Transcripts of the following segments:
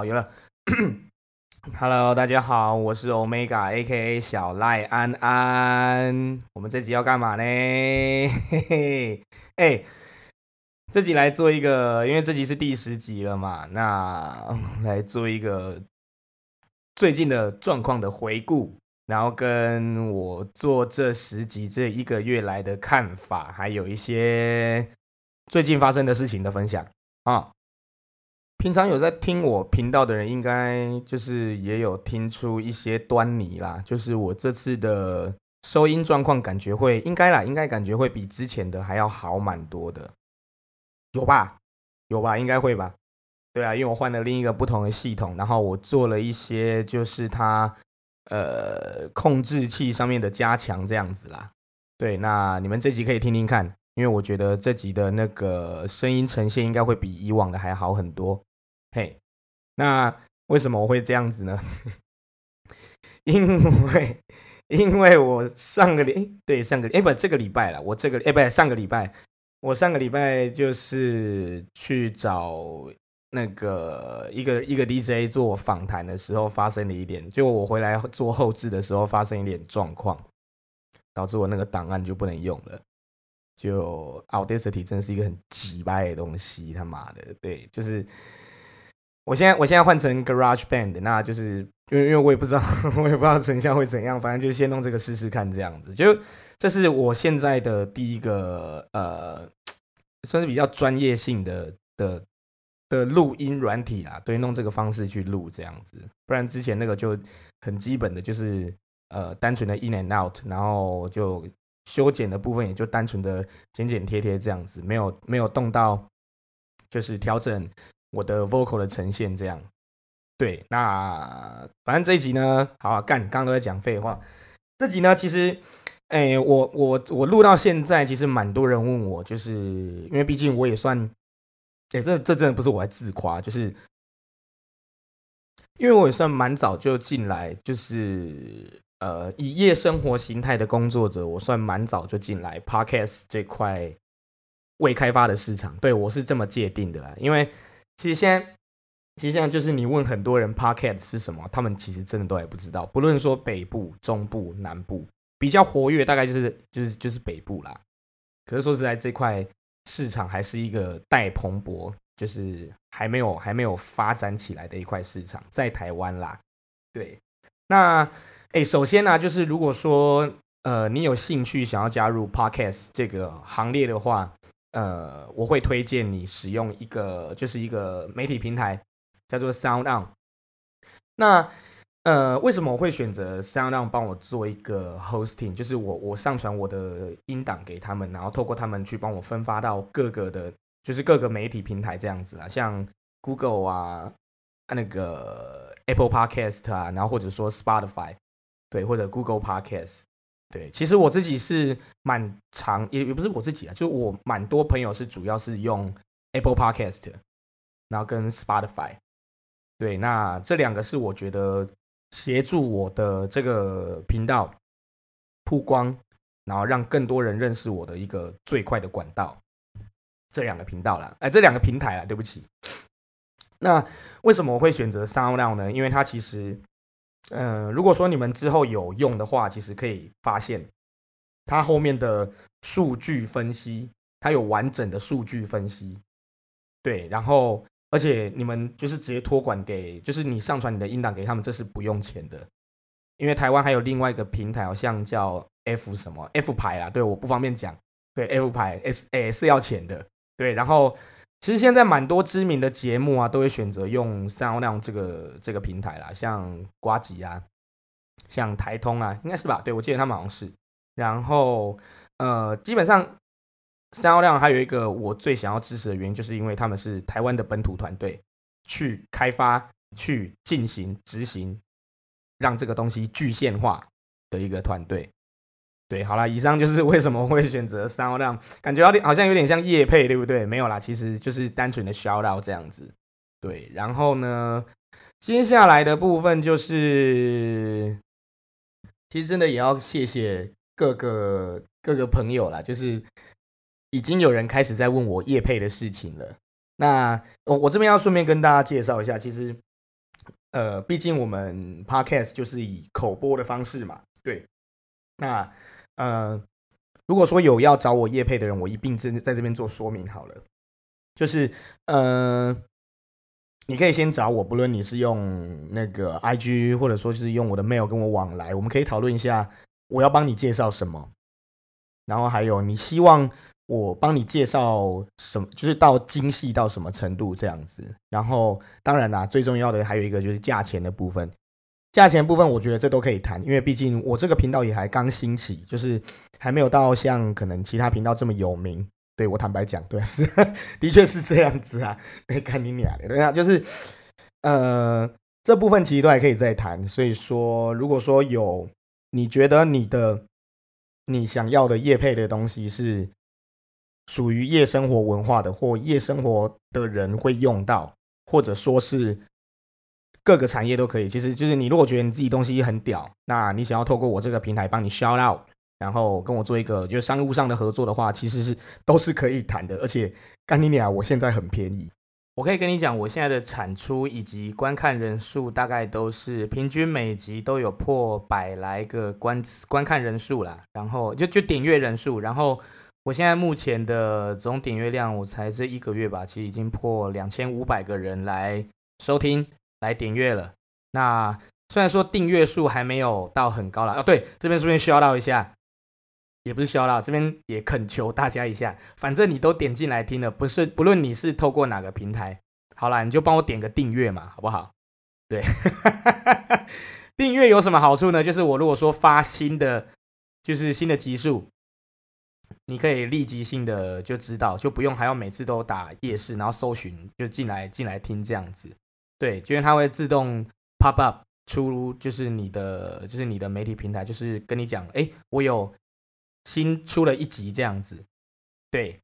好了 ，Hello，大家好，我是 Omega AKA 小賴安安。我們這集要幹嘛呢？嘿嘿，哎、欸，這集來做一個，因為這集是第十集了嘛，那來做一個最近的狀況的回顧，然後跟我做這十集這一個月來的看法，還有一些最近發生的事情的分享啊。平常有在聽我頻道的人，應該就是也有聽出一些端倪啦。就是我這次的收音狀況，感覺會應該啦，應該感覺會比之前的還要好蠻多的，有吧？有吧？應該會吧？對啊，因為我換了另一個不同的系統，然後我做了一些就是它呃控制器上面的加強這樣子啦。對，那你們這集可以聽聽看，因為我覺得這集的那個聲音呈現應該會比以往的還好很多。嘿、hey,，那為什麼我會這樣子呢？ 因為因為我上個禮，對上個哎、欸、不這個禮拜了，我這個哎、欸、不上個禮拜，我上個禮拜就是去找那個一個一個 DJ 做訪談的時候發生了一點，就我回來做後製的時候發生一點狀況，導致我那個檔案就不能用了。就 Audacity 真是一個很雞巴的東西，他媽的，對，就是。我現在我現在換成 Garage Band，那就是因為因為我也不知道 我也不知道成效會怎樣，反正就先弄這個試試看這樣子。就這是我現在的第一個呃，算是比較專業性的的的錄音軟體啦、啊，對，弄這個方式去錄這樣子。不然之前那個就很基本的，就是呃單純的 in and out，然後就修剪的部分也就單純的剪剪貼貼這樣子，沒有沒有動到就是調整。我的 vocal 的呈現這樣，對，那反正這一集呢，好好幹！剛剛都在講廢話，這集呢，其實，哎，我我我錄到現在，其實蠻多人問我，就是因為畢竟我也算，哎，這這真的不是我在自誇，就是，因為我也算蠻早就進來，就是呃，以夜生活形態的工作者，我算蠻早就進來 Podcast 這塊未開發的市場，對，我是這麼界定的啦，因為。其實現在，其實現在就是你問很多人 Podcast 是什麼，他們其實真的都還不知道。不論說北部、中部、南部比較活躍，大概就是就是就是北部啦。可是說實在，這塊市場還是一個待蓬勃，就是還沒有還沒有發展起來的一塊市場，在台灣啦。對，那哎，首先呢，啊，就是如果說呃你有興趣想要加入 Podcast 這個行列的話。呃，我會推薦你使用一個，就是一個媒體平台，叫做 Sound On。那，呃，為什麼我會選擇 Sound On 幫我做一個 hosting？就是我我上傳我的音檔給他們，然後透過他們去幫我分發到各個的，就是各個媒體平台這樣子啊，像 Google 啊，啊那個 Apple Podcast 啊，然後或者說 Spotify，對，或者 Google Podcast。對，其實我自己是蠻常，也也不是我自己啊，就是我蠻多朋友是主要是用 Apple Podcast，然後跟 Spotify。對，那這兩個是我覺得協助我的這個頻道曝光，然後讓更多人認識我的一個最快的管道，這兩個頻道啦，哎，這兩個平台啊，對不起。那為什麼我會選擇 SoundOn 呢？因為它其實。嗯、呃，如果說你們之後有用的話，其實可以發現它後面的數據分析，它有完整的數據分析，對，然後而且你們就是直接托管給，就是你上傳你的音檔給他們，這是不用錢的，因為台灣還有另外一個平台，好像叫 F 什麼 F 牌啦，對，我不方便講，對，F 牌 S 哎是要錢的，對，然後。其實現在蠻多知名的節目啊，都會選擇用 SoundOn 這個這個平台啦，像呱吉啊，像台通啊，應該是吧？對，我記得他們好像是。然後，呃，基本上 SoundOn 還有一個我最想要支持的原因，就是因為他們是台灣的本土團隊，去開發、去進行執行，讓這個東西具現化的一個團隊。對，好啦，以上就是為什麼會選擇 shout out，感覺有點好像有點像業配，對不對？沒有啦，其實就是單純的 shout out 這樣子。對，然後呢，接下來的部分就是，其實真的也要謝謝各個各個朋友啦，就是已經有人開始在問我業配的事情了。那我我這邊要順便跟大家介紹一下，其實，呃，畢竟我們 podcast 就是以口播的方式嘛，對，那。呃，如果說有要找我業配的人，我一併在在這邊做說明好了。就是，呃，你可以先找我，不論你是用那個 IG，或者說就是用我的 mail 跟我往來，我們可以討論一下我要幫你介紹什麼。然後還有，你希望我幫你介紹什麼？就是到精細到什麼程度這樣子。然後，當然啦，最重要的還有一個就是價錢的部分。價錢部分，我覺得這都可以談，因為畢竟我這個頻道也還剛興起，就是還沒有到像可能其他頻道這麼有名。對，我坦白講，對、啊是，的確是這樣子啊。看你倆的對、啊，就是呃，這部分其實都還可以再談。所以說，如果說有你覺得你的你想要的業配的東西是屬於夜生活文化的或夜生活的人會用到，或者說是。各個產業都可以，其實就是你如果覺得你自己東西很屌，那你想要透過我這個平台幫你 shout out，然後跟我做一個就是商務上的合作的話，其實是都是可以談的。而且幹你娘，我現在很便宜，我可以跟你講，我現在的產出以及觀看人數大概都是平均每集都有破百來個觀觀看人數啦，然後就就點閱人數，然後我現在目前的總點閱量，我才這一個月吧，其實已經破兩千五百個人來收聽。來點閱了，那雖然說訂閱數還沒有到很高啦，啊，對，這邊順便 shout out 一下，也不是 shout out，這邊也懇求大家一下，反正你都點進來聽了，不是不論你是透過哪個平台，好啦，你就幫我點個訂閱嘛，好不好？對， 訂閱有什麼好處呢？就是我如果說發新的，就是新的集數，你可以立即性的就知道，就不用還要每次都打夜事，然後搜尋就進來進來聽這樣子。對，因為它會自動 pop up 出，就是你的，就是你的媒體平台，就是跟你講，哎，我有新出了一集這樣子，對，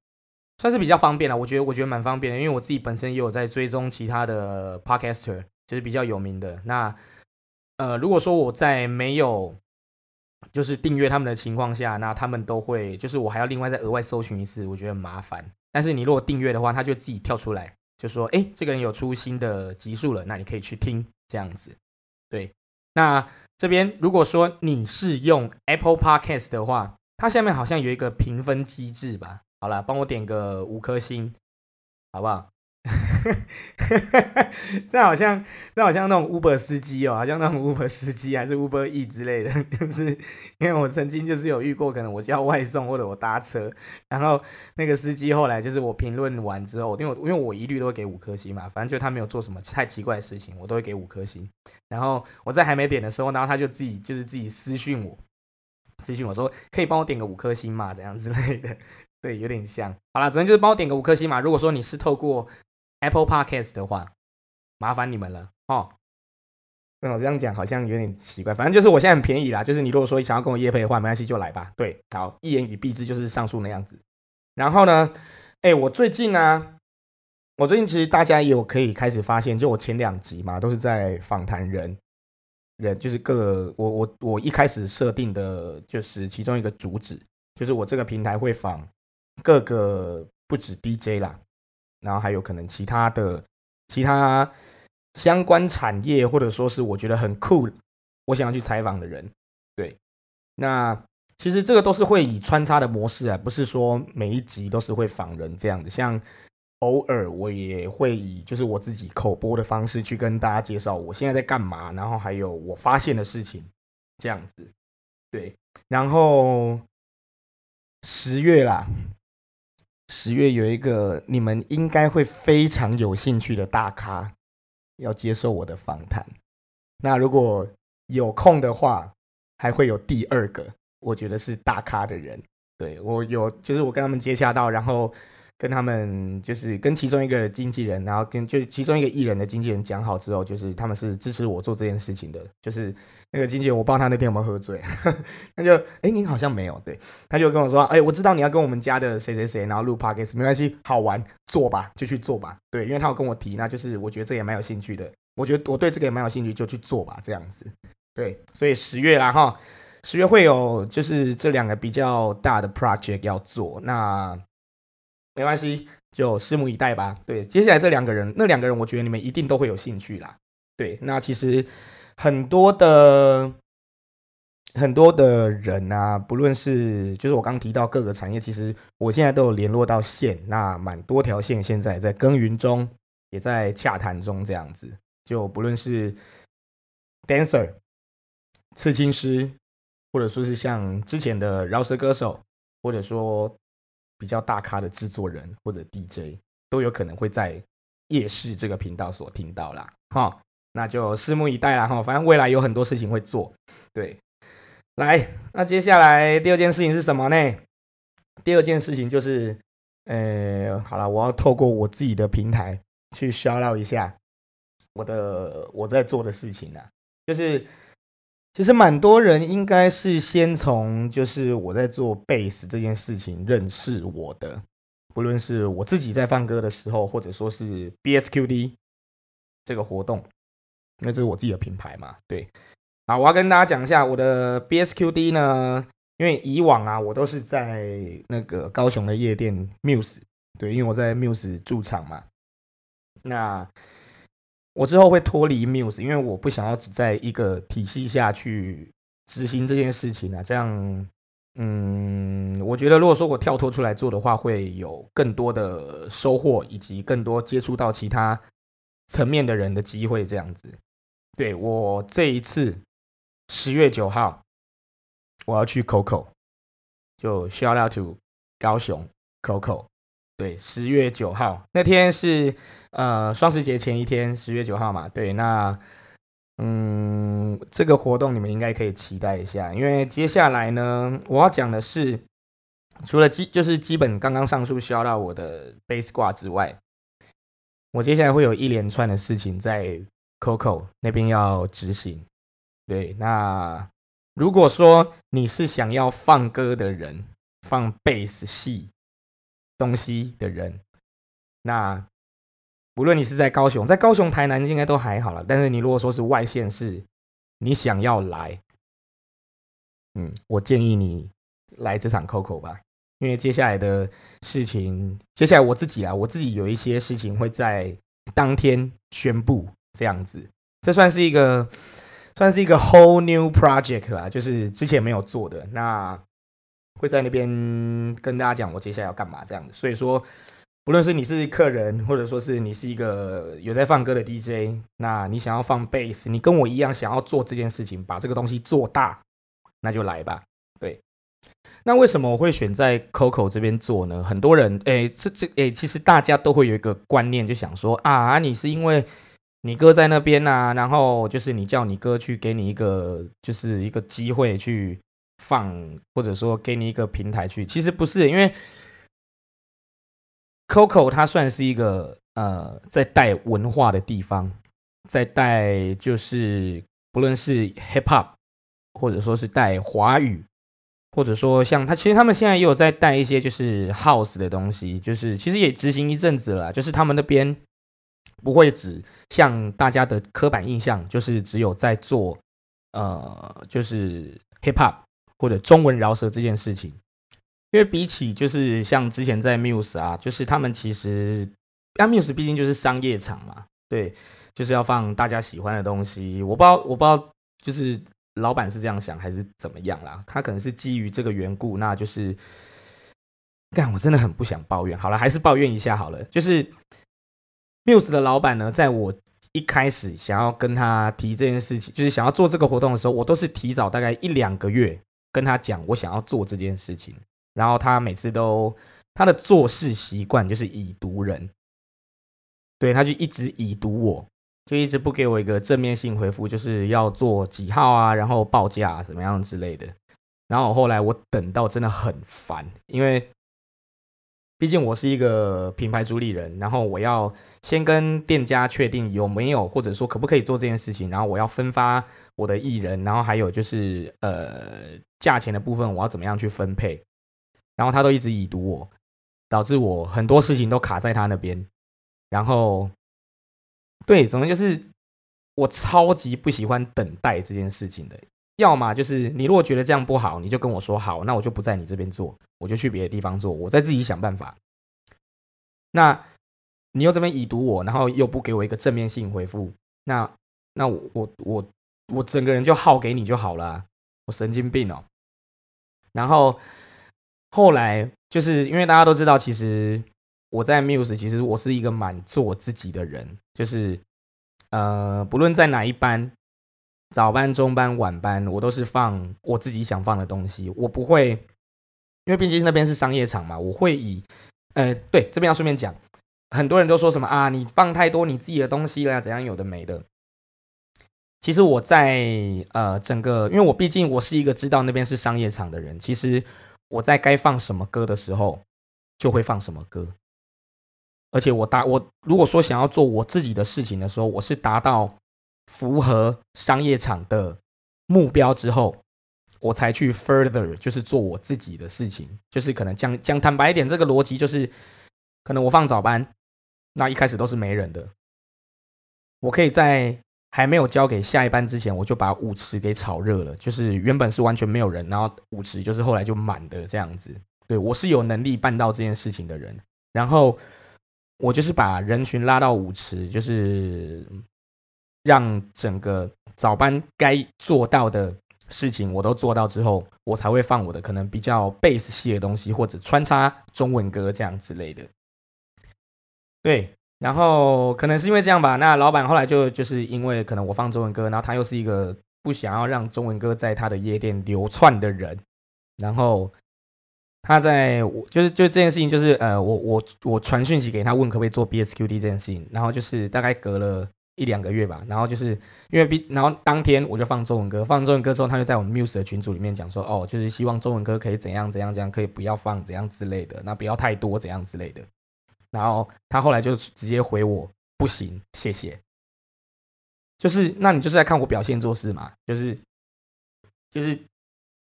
算是比較方便了。我覺得，我覺得蠻方便的，因為我自己本身也有在追蹤其他的 podcaster，就是比較有名的。那，呃，如果說我在沒有就是訂閱他們的情況下，那他們都會，就是我還要另外再額外搜尋一次，我覺得很麻煩。但是你如果訂閱的話，它就自己跳出來。就說，哎，這個人有出新的集數了，那你可以去聽這樣子。對，那這邊如果說你是用 Apple Podcast 的話，它下面好像有一個評分機制吧？好了，幫我點個五顆星，好不好？ 這好像，這好像那種 Uber 司機哦、喔，好像那種 Uber 司機還是 Uber E 之類的，就是因為我曾經就是有遇過，可能我叫外送或者我搭車，然後那個司機後來就是我評論完之後，因為我因為我一律都會給五顆星嘛，反正就他沒有做什麼太奇怪的事情，我都會給五顆星。然後我在還沒點的時候，然後他就自己就是自己私訊我，私訊我說可以幫我點個五顆星嘛，這樣之類的，對，有點像。好了，只能就是幫我點個五顆星嘛。如果說你是透過。Apple Podcast 的話，麻煩你們了哦。那、嗯、我這樣講好像有點奇怪，反正就是我現在很便宜啦，就是你如果說想要跟我業配的話，沒關係，就來吧。對，好，一言以蔽之，就是上述那樣子。然後呢，哎、欸，我最近呢、啊，我最近其實大家也有可以開始發現，就我前兩集嘛，都是在訪談人，人就是各個，我我我一開始設定的就是其中一個主旨，就是我這個平台會訪各個不止 DJ 啦。然後還有可能其他的其他相關產業，或者說是我覺得很酷，我想要去採訪的人，對。那其實這個都是會以穿插的模式啊，不是說每一集都是會訪人這樣的。像偶爾我也會以就是我自己口播的方式去跟大家介紹我現在在幹嘛，然後還有我發現的事情這樣子，對。然後十月啦。十月有一個你們應該會非常有興趣的大咖要接受我的訪談。那如果有空的話，還會有第二個，我覺得是大咖的人。對，我有，就是我跟他們接洽到，然後。跟他們就是跟其中一個經紀人，然後跟就其中一個藝人的經紀人講好之後，就是他們是支持我做這件事情的。就是那個經紀人，我不知道他那天有沒有喝醉， 他就哎，你好像沒有，對，他就跟我說，哎、欸，我知道你要跟我們家的誰誰誰，然後錄 podcast 沒關係，好玩，做吧，就去做吧。對，因為他有跟我提，那就是我覺得這也蠻有興趣的，我覺得我對這個也蠻有興趣，就去做吧，這樣子。對，所以十月啦哈，十月會有就是這兩個比較大的 project 要做那。沒關係，就拭目以待吧。對，接下來這兩個人，那兩個人，我覺得你們一定都會有興趣啦。對，那其實很多的很多的人啊，不論是就是我剛提到各個產業，其實我現在都有聯絡到線，那蠻多條線現在在耕耘中，也在洽談中，這樣子。就不論是 dancer、刺青師，或者說是像之前的饒舌歌手，或者說。比較大咖的製作人或者 DJ 都有可能會在夜事這個頻道所聽到啦哈，那就拭目以待啦，哈，反正未來有很多事情會做，對。來，那接下來第二件事情是什麼呢？第二件事情就是，欸、好了，我要透過我自己的平台去 shout out 一下我的我在做的事情啦，就是。其實蠻多人應該是先從就是我在做貝斯這件事情認識我的，不論是我自己在放歌的時候，或者說是 BSQD 這個活動，那這是我自己的品牌嘛，對，啊，我要跟大家講一下我的 BSQD 呢，因為以往啊，我都是在那個高雄的夜店 Muse，對，因為我在 Muse 駐場嘛，那。我之後會脫離 Muse，因為我不想要只在一個體系下去執行這件事情啊。這樣，嗯，我覺得如果說我跳脫出來做的話，會有更多的收穫，以及更多接觸到其他層面的人的機會。這樣子，對，我這一次，十月九號，我要去 Coco，就 shout out to 高雄 Coco。對，十月九號那天是呃，雙十節前一天，十月九號嘛。對，那嗯，這個活動你們應該可以期待一下，因為接下來呢，我要講的是，除了基就是基本剛剛上述需要到我的 bass 掛之外，我接下來會有一連串的事情在 Coco 那邊要執行。對，那如果說你是想要放歌的人，放 bass 系。東西的人，那無論你是在高雄，在高雄、台南應該都還好了。但是你如果說是外縣市，你想要來，嗯，我建議你來這場 Coco 吧，因為接下來的事情，接下來我自己啊，我自己有一些事情會在當天宣布，這樣子，這算是一個，算是一個 whole new project 啦，就是之前沒有做的那。會在那邊跟大家講我接下來要幹嘛這樣子，所以說，不論是你是客人，或者說是你是一個有在放歌的 DJ，那你想要放貝斯，你跟我一樣想要做這件事情，把這個東西做大，那就來吧。對，那為什麼我會選在 Coco 這邊做呢？很多人，哎，這這，哎，其實大家都會有一個觀念，就想說啊，啊，你是因為你哥在那邊啊，然後就是你叫你哥去給你一個，就是一個機會去。放或者說給你一個平台去，其實不是因為 Coco 他算是一個呃在帶文化的地方，在帶就是不論是 Hip Hop 或者說是帶華語，或者說像他其實他們現在也有在帶一些就是 House 的東西，就是其實也執行一陣子了，就是他們那邊不會只像大家的刻板印象，就是只有在做呃就是 Hip Hop，或者中文饒舌這件事情，因為比起就是像之前在 Muse 啊，就是他們其實 Muse 畢竟就是商業場嘛，對，就是要放大家喜歡的東西。我不知道，我不知道，就是老闆是這樣想還是怎麼樣啦？他可能是基於這個緣故，那就是，幹，我真的很不想抱怨。好了，還是抱怨一下好了。就是 Muse 的老闆呢，在我一開始想要跟他提這件事情，就是想要做這個活動的時候，我都是提早大概一兩個月。跟他講我想要做這件事情，然後他每次都他的做事習慣就是已讀人，對他就一直已讀我，就一直不給我一個正面性回覆，就是要做幾號啊，然後報價啊，怎麼樣之類的。然後後來我等到真的很煩，因為畢竟我是一個品牌主理人，然後我要先跟店家確定有沒有或者說可不可以做這件事情，然後我要分發我的藝人，然後還有就是呃。價錢的部分我要怎麼樣去分配？然後他都一直已讀我，導致我很多事情都卡在他那邊。然後，對，總之就是我超級不喜歡等待這件事情的。要麼就是你如果覺得這樣不好，你就跟我說好，那我就不在你這邊做，我就去別的地方做，我再自己想辦法。那你又這邊已讀我，然後又不給我一個正面性回復，那那我我我我整個人就耗給你就好了。我神經病哦，然後後來就是因為大家都知道，其實我在 Muse，其實我是一個蠻做自己的人，就是呃，不論在哪一班，早班、中班、晚班，我都是放我自己想放的東西，我不會，因為畢竟那邊是商業場嘛，我會以，呃，對，這邊要順便講，很多人都說什麼啊，你放太多你自己的東西了，怎樣有的沒的。其實我在呃整個，因為我畢竟我是一個知道那邊是商業場的人。其實我在該放什麼歌的時候，就會放什麼歌。而且我達我如果說想要做我自己的事情的時候，我是達到符合商業場的目標之後，我才去 further 就是做我自己的事情。就是可能講講坦白一點，這個邏輯就是，可能我放早班，那一開始都是沒人的，我可以在。還沒有交給下一班之前，我就把舞池給炒熱了。就是原本是完全沒有人，然後舞池就是後來就滿的這樣子。對，我是有能力辦到這件事情的人。然後我就是把人群拉到舞池，就是讓整個早班該做到的事情我都做到之後，我才會放我的可能比較 base 系的東西，或者穿插中文歌這樣之類的。對。然後可能是因為這樣吧，那老闆後來就就是因為可能我放中文歌，然後他又是一個不想要讓中文歌在他的夜店流竄的人，然後他在我就是就這件事情就是呃我我我傳訊息給他問可不可以做 BSQD 這件事情，然後就是大概隔了一兩個月吧，然後就是因為 B 然後當天我就放中文歌，放中文歌之後，他就在我們 Muse 的群組裡面講說哦，就是希望中文歌可以怎樣怎樣怎樣，可以不要放怎樣之類的，那不要太多怎樣之類的。然後他後來就直接回我：“不行，謝謝。”就是，那你就是在看我表現做事嘛？就是，就是，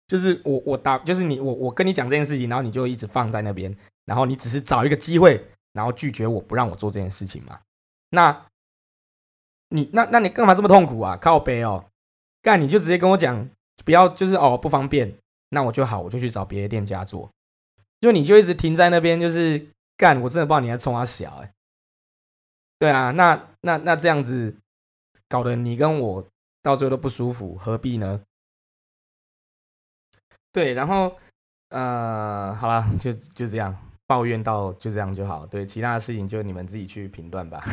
就是我我打，就是你我我跟你講這件事情，然後你就一直放在那邊，然後你只是找一個機會，然後拒絕我不讓我做這件事情嘛？那你那那你幹嘛這麼痛苦啊？靠北哦，幹你就直接跟我講，不要就是哦不方便，那我就好，我就去找別的店家做，就你就一直停在那邊，就是。幹，我真的不知道你在衝他小哎、欸，對啊，那那那這樣子，搞得你跟我到最後都不舒服，何必呢？對，然後呃，好了，就就這樣，抱怨到就這樣就好，對，其他的事情就你們自己去評斷吧。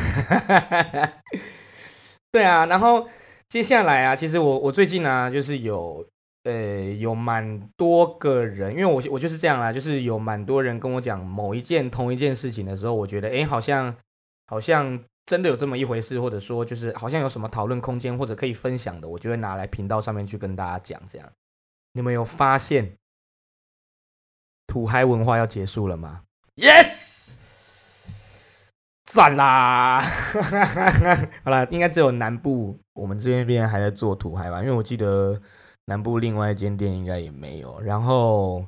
對啊，然後接下來啊，其實我我最近呢、啊，就是有。呃，有蠻多個人，因為我我就是這樣啦，就是有蠻多人跟我講某一件同一件事情的時候，我覺得誒好像好像真的有這麼一回事，或者說就是好像有什麼討論空間或者可以分享的，我就會拿來頻道上面去跟大家講。這樣，你們有，有發現土嗨文化要結束了嗎？Yes，讚啦！ 好啦，應該只有南部我們這邊邊還在做土嗨吧，因為我記得。南部另外一間店應該也沒有。然後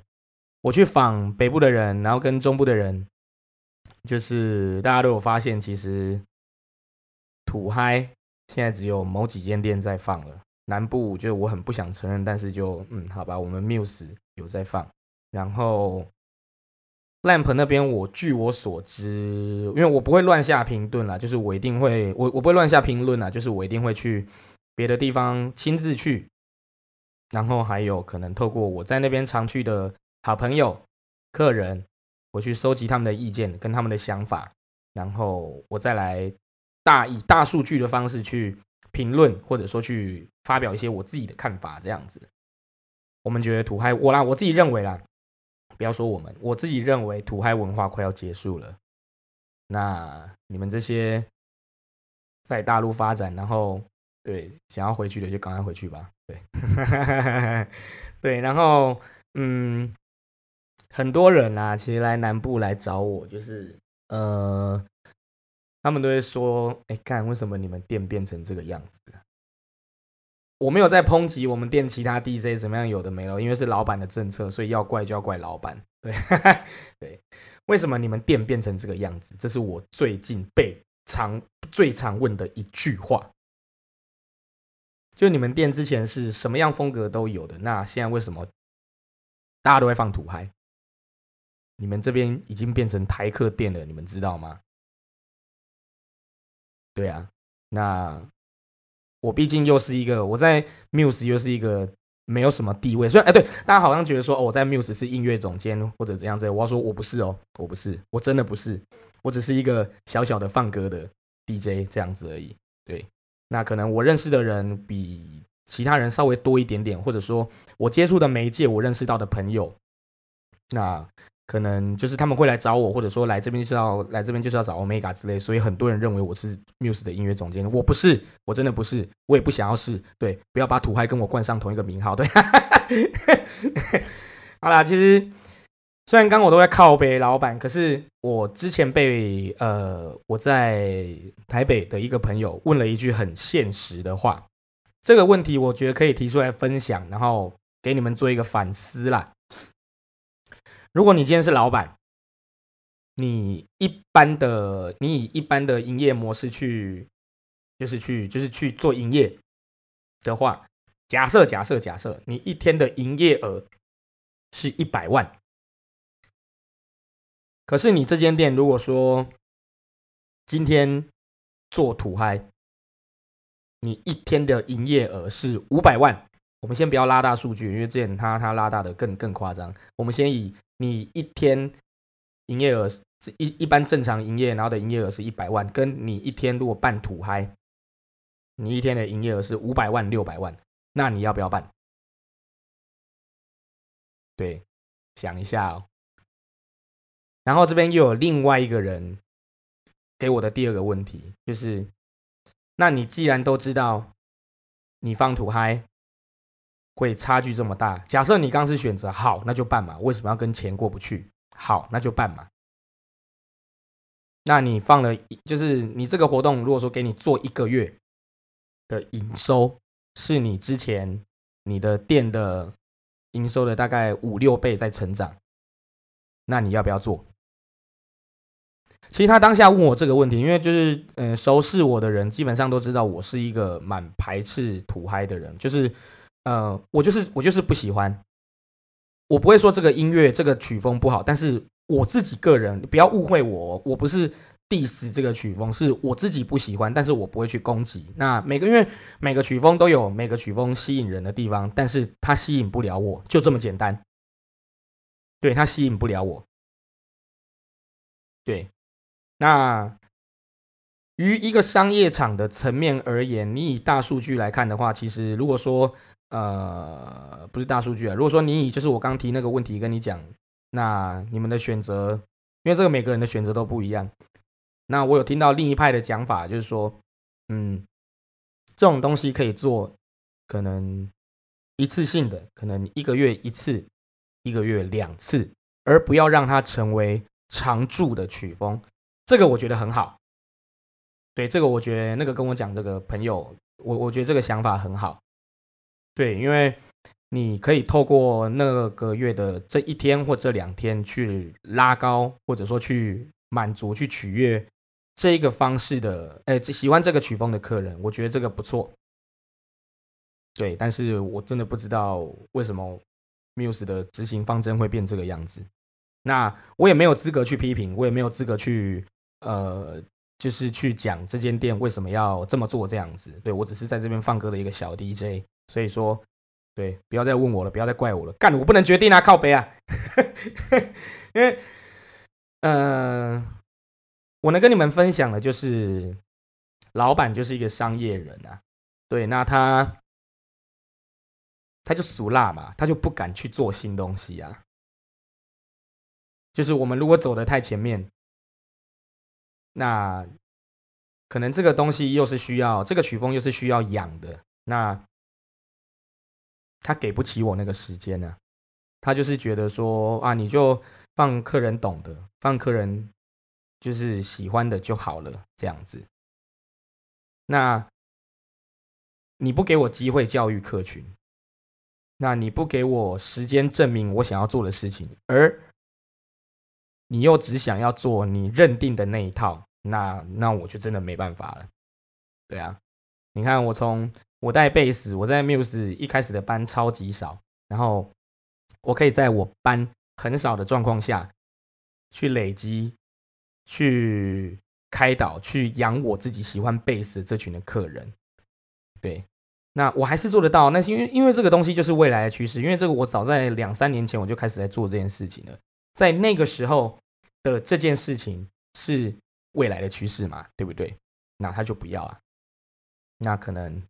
我去訪北部的人，然後跟中部的人，就是大家都有發現，其實土嗨現在只有某幾間店在放了。南部就我很不想承認，但是就嗯，好吧，我們 Muse 有在放。然後 Lamp 那邊我，我據我所知，因為我不會亂下評論啦，就是我一定會，我我不會亂下評論啦，就是我一定會去別的地方親自去。然後還有可能透過我在那邊常去的好朋友、客人，我去收集他們的意見跟他們的想法，然後我再來大以大數據的方式去評論，或者說去發表一些我自己的看法。這樣子，我們覺得土嗨，我啦我自己認為啦，不要說我們，我自己認為土嗨文化快要結束了。那你們這些在大陸發展，然後。對，想要回去的就趕快回去吧。對， 對，然後，嗯，很多人啊，其實來南部來找我，就是，呃，他們都會說，哎，幹，為什麼你們店變成這個樣子？我沒有在抨擊我們店其他 DJ 怎麼樣，有的沒的，因為是老闆的政策，所以要怪就要怪老闆。對，哈哈。對，為什麼你們店變成這個樣子？這是我最近被常最常問的一句話。就你們店之前是什麼樣風格都有的，那現在為什麼大家都會放土嗨？你們這邊已經變成台客店了，你們知道嗎？對啊，那我畢竟又是一個我在 Muse 又是一個沒有什麼地位，雖然哎，對，大家好像覺得說我、哦、在 Muse 是音樂總監或者怎樣子，我要說我不是哦，我不是，我真的不是，我只是一個小小的放歌的 DJ 這樣子而已，對。那可能我認識的人比其他人稍微多一點點，或者說我接觸的媒介，我認識到的朋友，那可能就是他們會來找我，或者說來這邊就是要來這邊就是要找 Omega 之類，所以很多人認為我是 Muse 的音樂總監，我不是，我真的不是，我也不想要是，對，不要把土嗨跟我冠上同一個名號，對， 好啦，其實。雖然剛剛我都在靠北老闆，可是我之前被呃，我在台北的一個朋友問了一句很現實的話，這個問題我覺得可以提出來分享，然後給你們做一個反思啦。如果你今天是老闆，你一般的你以一般的營業模式去，就是去就是去做營業的話，假設假設假設你一天的營業額是一百萬。可是你這間店如果說今天做土嗨，你一天的營業額是五百萬，我們先不要拉大數據，因為之前他他拉大的更更誇張。我們先以你一天營業額是一一般正常營業，然後的營業額是一百萬，跟你一天如果辦土嗨，你一天的營業額是五百萬六百萬，那你要不要辦？對，想一下哦。然後這邊又有另外一個人給我的第二個問題，就是：那你既然都知道你放土嗨會差距這麼大，假設你剛是選擇好，那就辦嘛，為什麼要跟錢過不去？好，那就辦嘛。那你放了就是你這個活動，如果說給你做一個月的營收，是你之前你的店的營收的大概五六倍在成長，那你要不要做？其實他當下問我這個問題，因為就是嗯、呃，熟識我的人基本上都知道我是一個蠻排斥土嗨的人，就是呃，我就是我就是不喜歡，我不會說這個音樂這個曲風不好，但是我自己個人不要誤會我，我不是 diss 這個曲風，是我自己不喜歡，但是我不會去攻擊。那每個因為每個曲風都有每個曲風吸引人的地方，但是它吸引不了我，就這麼簡單。對，它吸引不了我。對。那於一個商業場的層面而言，你以大數據來看的話，其實如果說呃，不是大數據啊，如果說你以就是我剛提那個問題跟你講，那你們的選擇，因為這個每個人的選擇都不一樣。那我有聽到另一派的講法，就是說，嗯，這種東西可以做，可能一次性的，可能一個月一次，一個月兩次，而不要讓它成為常駐的曲風。這個我覺得很好，對，這個我覺得那個跟我講這個朋友，我我覺得這個想法很好，對，因為你可以透過那個月的這一天或這兩天去拉高，或者說去滿足、去取悅這一個方式的，哎，喜歡這個曲風的客人，我覺得這個不錯，對，但是我真的不知道為什麼 Muse 的執行方針會變這個樣子，那我也沒有資格去批評，我也沒有資格去。呃，就是去講這間店為什麼要這麼做這樣子。對，我只是在這邊放歌的一個小 DJ，所以說，對，不要再問我了，不要再怪我了，幹，我不能決定啊，靠北啊， 因為，呃，我能跟你們分享的就是，老闆就是一個商業人啊，對，那他，他就俗辣嘛，他就不敢去做新東西啊，就是我們如果走的太前面。那可能這個東西又是需要這個曲風又是需要養的，那他給不起我那個時間呢、啊？他就是覺得說啊，你就放客人懂的，放客人就是喜歡的就好了，這樣子。那你不給我機會教育客群，那你不給我時間證明我想要做的事情，而。你又只想要做你認定的那一套，那那我就真的沒辦法了。對啊，你看我從我帶貝斯，我在 Muse 一開始的班超級少，然後我可以在我班很少的狀況下，去累積、去開導、去養我自己喜歡貝斯這群的客人。對，那我還是做得到。那是因為因為這個東西就是未來的趨勢，因為這個我早在兩三年前我就開始在做這件事情了。在那個時候的這件事情是未來的趨勢嘛，對不對？那他就不要啊，那可能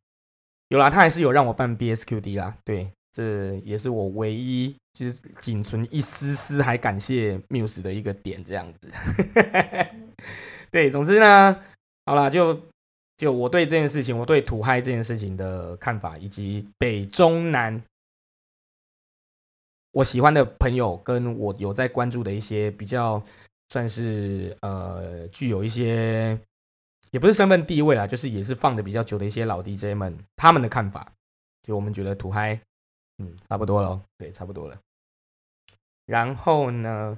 有啦，他還是有讓我辦 BSQD 啦，對，這也是我唯一就是僅存一絲絲還感謝 Muse 的一個點，這樣子。 對，總之呢，好了，就就我對這件事情，我對土嗨這件事情的看法，以及北中南。我喜歡的朋友跟我有在關注的一些比較，算是呃具有一些，也不是身份地位啦，就是也是放的比較久的一些老 DJ 們，他們的看法，就我們覺得土嗨，嗯，差不多了，對，差不多了。然後呢，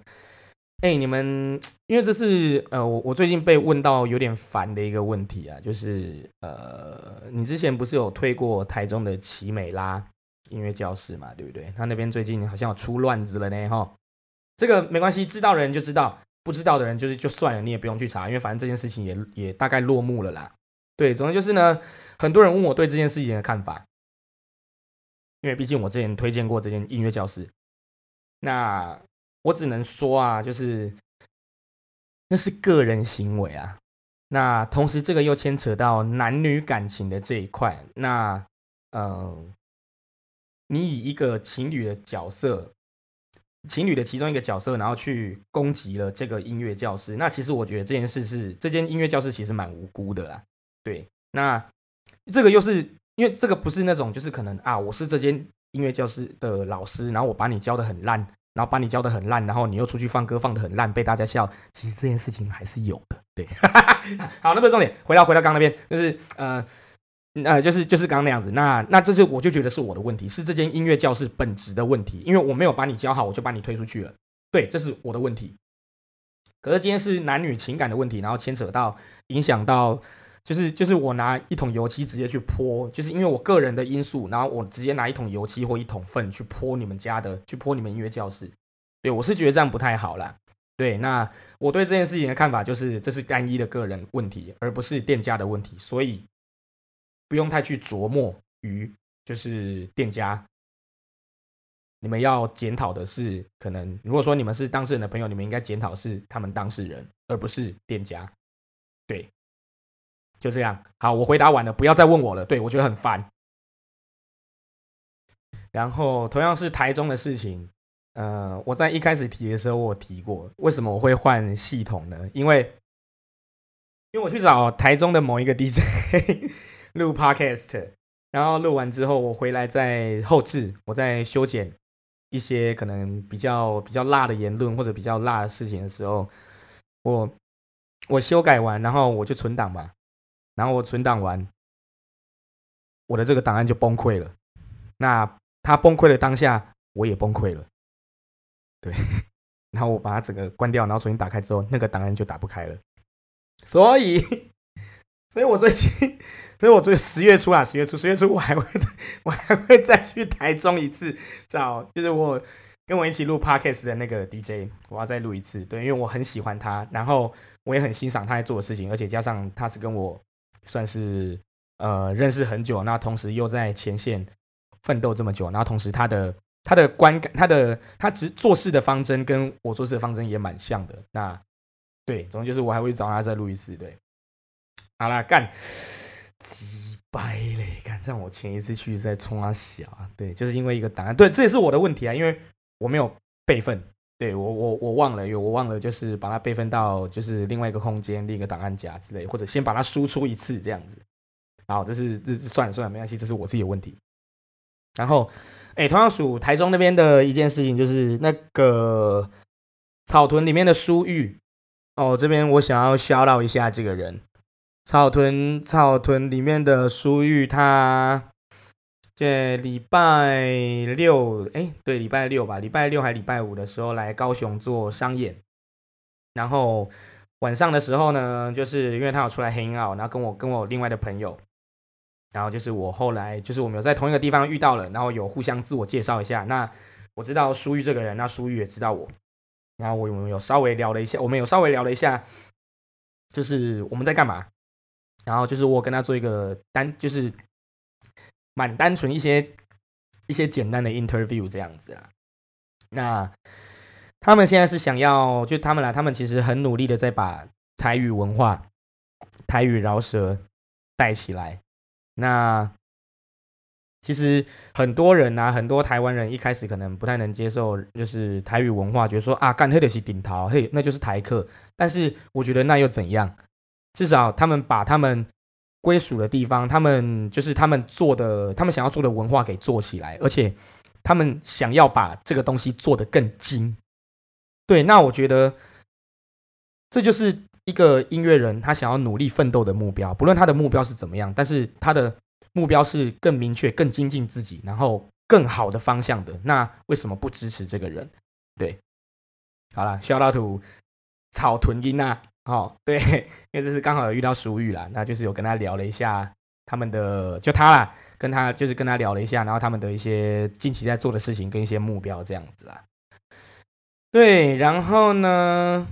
哎，你們，因為這是呃我我最近被問到有點煩的一個問題啊，就是呃你之前不是有推過台中的奇美拉？音樂教室嘛，對不對？他那邊最近好像要出亂子了呢，哈。這個沒關係，知道的人就知道，不知道的人就是就算了，你也不用去查，因為反正這件事情也也大概落幕了啦。對，總之就是呢，很多人問我對這件事情的看法，因為畢竟我之前推薦過這間音樂教室，那我只能說啊，就是那是個人行為啊。那同時，這個又牽扯到男女感情的這一塊，那嗯。你以一個情侶的角色，情侶的其中一個角色，然後去攻擊了這個音樂教室。那其實我覺得這件事是這間音樂教室其實蠻無辜的啦。對，那這個又是因為這個不是那種就是可能啊，我是這間音樂教室的老師，然後我把你教得很爛，然後把你教得很爛，然後你又出去放歌放得很爛，被大家笑。其實這件事情還是有的。對， 好，那麼重點回到回到剛剛那邊，就是呃。呃，就是就是剛剛那樣子，那那這是我就覺得是我的問題，是這間音樂教室本質的問題，因為我沒有把你教好，我就把你推出去了。對，這是我的問題。可是今天是男女情感的問題，然後牽扯到影響到，就是就是我拿一桶油漆直接去潑，就是因為我個人的因素，然後我直接拿一桶油漆或一桶糞去潑你們家的，去潑你們音樂教室。對我是覺得這樣不太好啦。對，那我對這件事情的看法就是，這是單一的個人問題，而不是店家的問題，所以。不用太去琢磨於就是店家，你們要檢討的是，可能如果說你們是當事人的朋友，你們應該檢討是他們當事人，而不是店家。對，就這樣。好，我回答完了，不要再問我了，對，我覺得很煩。然後同樣是台中的事情，呃，我在一開始提的時候我提過，為什麼我會換系統呢？因為因為我去找台中的某一個 DJ。 錄 Podcast，然後錄完之後，我回來再後製，我再修剪一些可能比較比較辣的言論或者比較辣的事情的時候，我我修改完，然後我就存檔吧，然後我存檔完，我的這個檔案就崩潰了。那它崩潰的當下，我也崩潰了。對，然後我把它整個關掉，然後重新打開之後，那個檔案就打不開了。所以，所以我最近。所以，我這十月初啊，十月初，十月初我還會再，我還會再去台中一次找，就是我跟我一起錄 Podcast 的那個 DJ，我要再錄一次，對，因為我很喜歡他，然後我也很欣賞他在做的事情，而且加上他是跟我算是呃認識很久，那同時又在前線奮鬥這麼久，然後同時他的他的觀感，他的他只做事的方針跟我做事的方針也蠻像的，那對，總之就是我還會找他再錄一次，對，好啦，幹。幾百嘞！剛才我前一次去在衝阿三小，對，就是因為一個檔案，對，這也是我的問題啊，因為我沒有備份，對我我我忘了，因為我忘了就是把它備份到就是另外一個空間、另一個檔案夾之類，或者先把它輸出一次這樣子。好，這是這是算了算了，沒關係，這是我自己的問題。然後，哎、欸，同樣屬台中那邊的一件事情，就是那個草屯裡面的樞育哦，這邊我想要 shout out 一下這個人。草屯，草屯裡面的樞育，他這禮拜六，哎、欸，對，禮拜六吧，禮拜六還禮拜五的時候來高雄做商演，然後晚上的時候呢，就是因為他有出來 hang out，然後跟我跟我另外的朋友，然後就是我後來就是我們有在同一個地方遇到了，然後有互相自我介紹一下，那我知道樞育這個人，那樞育也知道我，然後我們有稍微聊了一下，我們有稍微聊了一下，就是我們在幹嘛？然後就是我跟他做一個單，就是蠻單純一些一些簡單的 interview 這樣子啦。那他們現在是想要就他們啦，他們其實很努力的在把台語文化、台語饒舌帶起來。那其實很多人啊，很多台灣人一開始可能不太能接受，就是台語文化，覺得說啊幹黑的是頂桃嘿，那就是台客。但是我覺得那又怎樣？至少他們把他們歸屬的地方，他們就是他們做的，他們想要做的文化給做起來，而且他們想要把這個東西做得更精。對，那我覺得這就是一個音樂人他想要努力奮鬥的目標，不論他的目標是怎麼樣，但是他的目標是更明確、更精進自己，然後更好的方向的。那為什麼不支持這個人？對，好啦，Shout out to，草屯囝仔啊哦，對，因為這是剛好有遇到樞育啦，那就是有跟他聊了一下他們的，就他啦，跟他就是跟他聊了一下，然後他們的一些近期在做的事情跟一些目標這樣子啊。對，然後呢，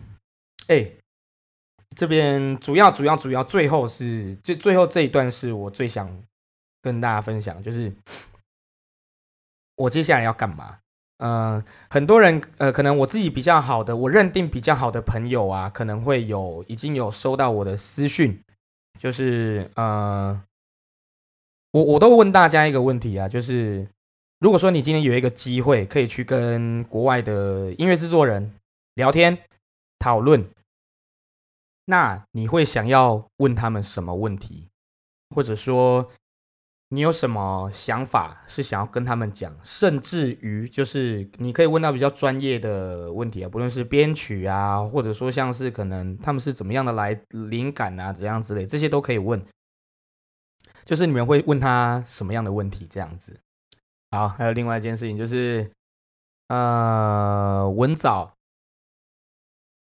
哎，這邊主要主要主要，最後是最最後這一段是我最想跟大家分享，就是我接下來要幹嘛。嗯、呃，很多人，呃，可能我自己比較好的，我認定比較好的朋友啊，可能會有已經有收到我的私訊，就是呃，我我都問大家一個問題啊，就是如果說你今天有一個機會可以去跟國外的音樂制作人聊天討論，那你會想要問他們什麼問題，或者說？你有什麼想法是想要跟他們講，甚至於就是你可以問到比較專業的問題啊，不論是編曲啊，或者說像是可能他們是怎麼樣的來靈感啊，怎樣之類，這些都可以問。就是你們會問他什麼樣的問題這樣子。好，還有另外一件事情就是，呃，文藻。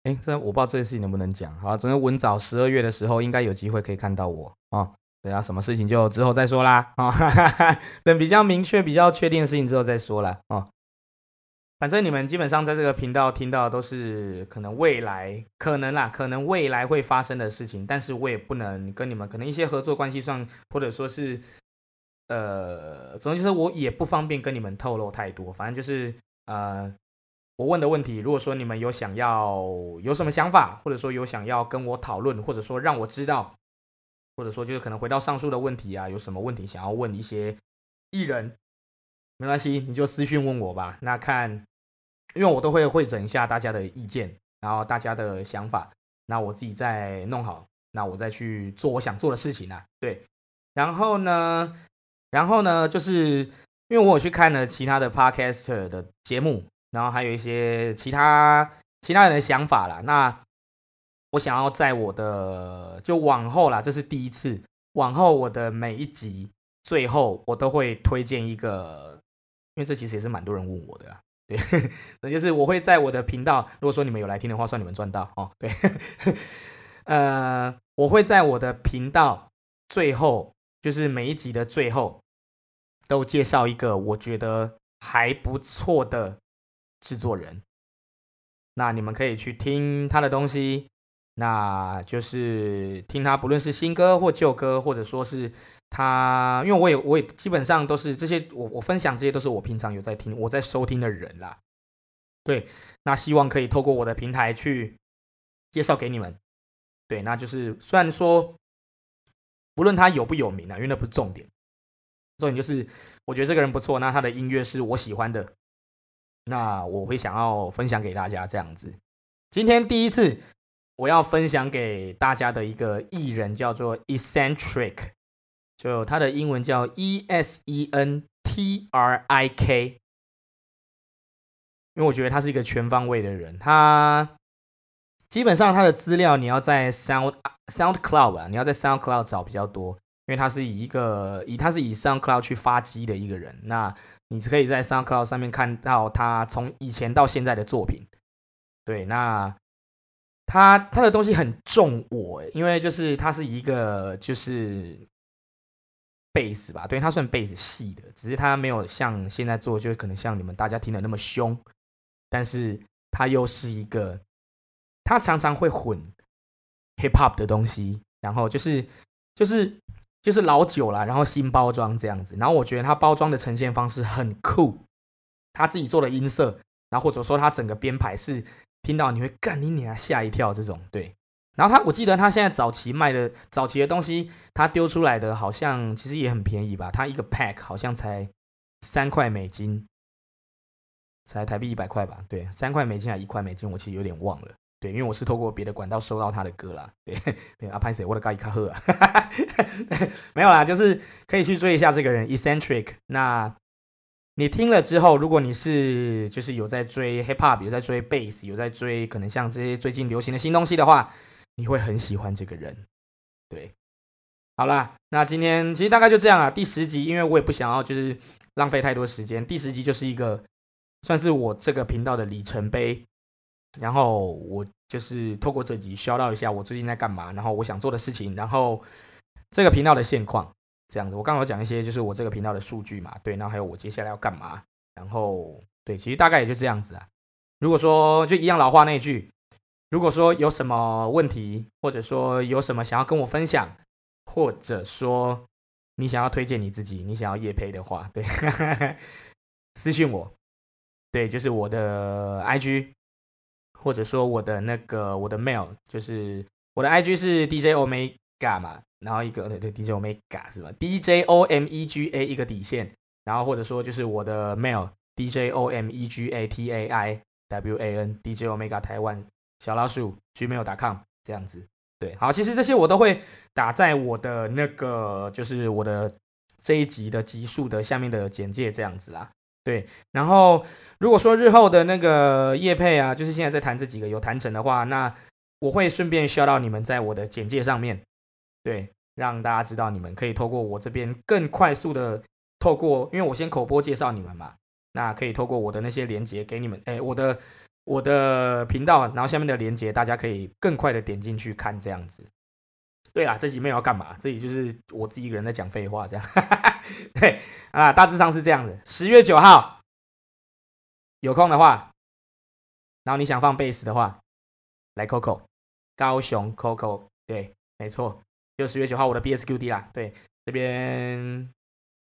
哎，這我不知道這件事情能不能講。好，整個文藻十二月的時候應該有機會可以看到我啊。哦等下、啊，什麼事情就之後再說啦啊、哦哈哈！等比較明確、比較確定的事情之後再說啦。哦。反正你們基本上在這個頻道聽到的都是可能未來可能啦，可能未來會發生的事情。但是我也不能跟你們，可能一些合作關係上，或者說是呃，總之就是我也不方便跟你們透露太多。反正就是呃，我問的問題，如果說你們有想要有什麼想法，或者說有想要跟我討論，或者說讓我知道。或者說就是可能回到上述的問題啊，有什麼問題想要問一些藝人？沒關係，你就私訊問我吧。那看，因為我都會會整一下大家的意見，然後大家的想法，那我自己再弄好，那我再去做我想做的事情啊。對，然後呢，然後呢，就是因為我有去看了其他的 Podcaster 的節目，然後還有一些其他其他人的想法啦。那我想要在我的就往後啦，這是第一次往後，我的每一集最後我都會推薦一個，因為這其實也是蠻多人問我的啊，對，那就是我會在我的頻道，如果說你們有來聽的話，算你們賺到哦，對呵呵，呃，我會在我的頻道最後，就是每一集的最後都介紹一個我覺得還不錯的制作人，那你們可以去聽他的東西。那就是聽他，不論是新歌或舊歌，或者說是他，因為我也我也基本上都是這些，我我分享這些都是我平常有在聽，我在收聽的人啦。對，那希望可以透過我的平台去介紹給你們。對，那就是雖然說不論他有不有名啊，因為那不是重點，重點就是我覺得這個人不錯，那他的音樂是我喜歡的，那我會想要分享給大家這樣子。今天第一次。我要分享給大家的一個藝人叫做 Eccentric，就他的英文叫 E S E N T R I K，因為我覺得他是一個全方位的人，他基本上他的資料你要在 Sound SoundCloud 啊，你要在 SoundCloud 找比較多，因為他是以一個以他是以 SoundCloud 去發跡的一個人，那你可以在 SoundCloud 上面看到他從以前到現在的作品，對，那。他他的東西很重我，因為就是他是一個就是，貝斯吧，對他算貝斯系的，只是他沒有像現在做，就可能像你們大家聽的那麼兇，但是他又是一個，他常常會混，hip hop 的東西，然後就是就是就是老酒了，然後新包裝這樣子，然後我覺得他包裝的呈現方式很酷，他自己做的音色，然後或者說他整個編排是。聽到你會幹你你啊嚇一跳這種，對，然後他我記得他現在早期賣的早期的東西，他丟出來的好像其實也很便宜吧，他一個 pack 好像才三塊美金，才台幣一百塊吧，對，三塊美金還一塊美金，我其實有點忘了，對，因為我是透過別的管道收到他的歌啦。對，對，阿潘誰？我的卡伊卡赫啊， 沒有啦，就是可以去追一下這個人，Eccentric，c 那。你聽了之後，如果你是就是有在追 hip hop，有在追 bass，有在追可能像這些最近流行的新東西的話，你會很喜歡這個人。對，好啦，那今天其實大概就這樣啊。第十集，因為我也不想要就是浪費太多時間。第十集就是一個算是我這個頻道的里程碑，然後我就是透過這集 shout out 一下我最近在幹嘛，然後我想做的事情，然後這個頻道的現況。這樣子，我剛好講一些就是我這個頻道的數據嘛，對，然後還有我接下來要幹嘛，然後對，其實大概也就這樣子啊。如果說就一樣老話那一句，如果說有什麼問題，或者說有什麼想要跟我分享，或者說你想要推薦你自己，你想要業配的話，對， 私訊我，對，就是我的 IG，或者說我的那個我的 mail，就是我的 IG 是 DJ Omega 嘛。然後一個對對，DJ Omega 是吧？DJ O M E G A 一個底線，然後或者說就是我的 mail DJ O M E G A T A I W A N DJ Omega 台灣小老鼠 gmail.com 這樣子，對，好，其實這些我都會打在我的那個就是我的這一集的集數的下面的簡介這樣子啦，對，然後如果說日後的那個業配啊，就是現在在談這幾個有談成的話，那我會順便 shout out 到你們在我的簡介上面。對，讓大家知道你們可以透過我這邊更快速的透過，因為我先口播介紹你們嘛，那可以透過我的那些連接給你們，哎，我的我的頻道，然後下面的連接，大家可以更快的點進去看這樣子。對啦、啊，這集沒有要幹嘛？這集就是我自己一個人在講廢話這樣。哈 哈對啊，大致上是這樣子。十月九號有空的話，然後你想放貝斯的話，來 Coco，高雄 Coco，對，沒錯。就十月九號我的 BSQD 啦，對這邊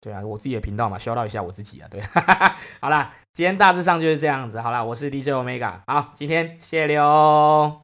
對啊，我自己的頻道嘛，shout out 一下我自己啊，對，哈,哈哈哈，好啦，今天大致上就是這樣子，好啦，我是 DJ Omega，好，今天謝謝劉。